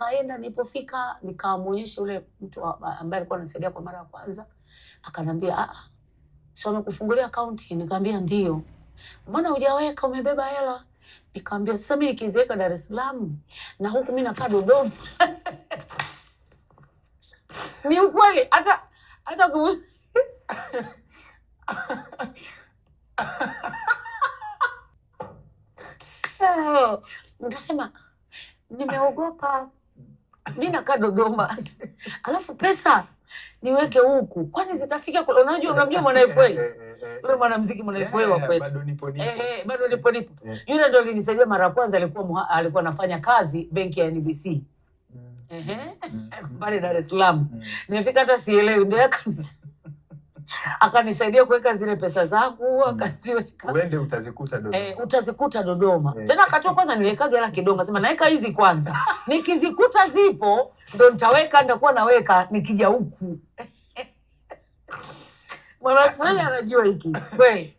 nikaenda, nilipofika nikamwonyesha yule mtu ambaye alikuwa ananisaidia kwa mara ya kwanza, akanambia ah, ah, si amekufungulia akaunti? Nikaambia ndio. Mbona hujaweka, umebeba hela? Nikaambia sasa mimi nikiziweka Dar es Salaam na huku mimi nakaa Dodoma ni ukweli, hata hata ku nikasema nimeogopa mi nakaa Dodoma alafu pesa niweke huku, kwani zitafika? Unajua, unamjua mwana FA eh, eh, eh, yule mwanamuziki mwana wa kwetu, bado nipo nipo, eh, bado nipo nipo. Yule ndo alinisaidia mara ya kwanza, alikuwa alikuwa anafanya kazi benki ya NBC mm. mm, mm, pale Dar es Salaam, nimefika hata sielewi ndio akanisaidia kuweka zile pesa zangu mm. akaziweka. Uende utazikuta eh, Dodoma. Eh, utazikuta Dodoma. Eh. Tena akatoa kwanza niliwekaga hela kidogo, sema naweka hizi kwanza. Nikizikuta zipo ndo nitaweka, nitakuwa naweka nikija huku. Mwana fulani anajua hiki. Kweli.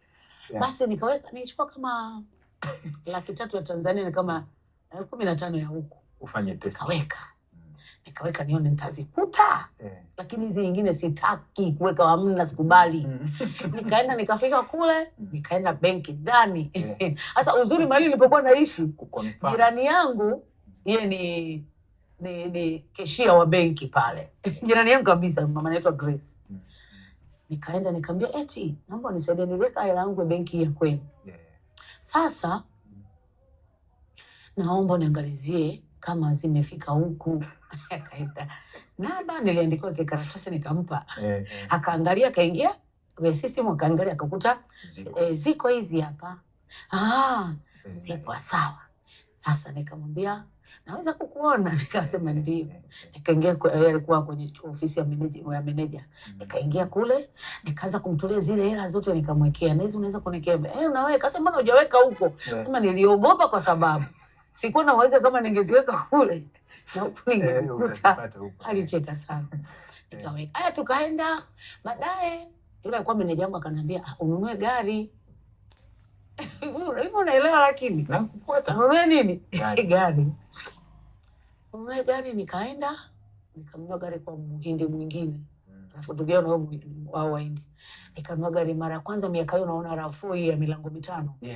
Yeah. Basi nikaweka nilichukua kama laki tatu ya Tanzania ni kama eh, kumi na tano ya huku. Ufanye test. kaweka nikaweka nione nitazikuta yeah. Lakini hizi nyingine sitaki kuweka, wamna sikubali mm. Nikaenda nikafika kule mm. nikaenda benki ndani eh. sasa yeah. Uzuri mali nilipokuwa naishi jirani yangu yeye ni ni, ni keshia wa benki pale eh. jirani yangu kabisa, mama anaitwa Grace mm. Nikaenda nikamwambia eti naomba nisaidie niweka hela yangu benki ya kwenu yeah. Sasa mm. naomba niangalizie kama zimefika huku akaita namba, niliandikiwa kikaratasi nikampa, akaangalia, akaingia kwenye system, akaangalia, akakuta ziko. e, ziko hizi hapa. Ah, ziko sawa. Sasa nikamwambia naweza kukuona, nikasema ndio. Nikaingia, alikuwa kwenye ofisi ya meneja, mm. nikaingia kule, nikaanza kumtolea zile hela zote, nikamwekea na hizo unaweza kuniwekea eh, unaweka sema mbona hujaweka huko? Eh. Sema niliogopa kwa sababu sikuwa na naweka kama ningeziweka kule ningekuta. Alicheka sana, nikaweka haya, tukaenda. Baadaye yule alikuwa meneja wangu akaniambia ununue gari hivyo, unaelewa, lakini ununue nini gari, ununue gari. Nikaenda nikanunua gari kwa mhindi mwingine mm. nafutugia nao wao waindi, nikanunua gari mara ya kwanza miaka hiyo, naona rafu hii ya milango mitano. yeah.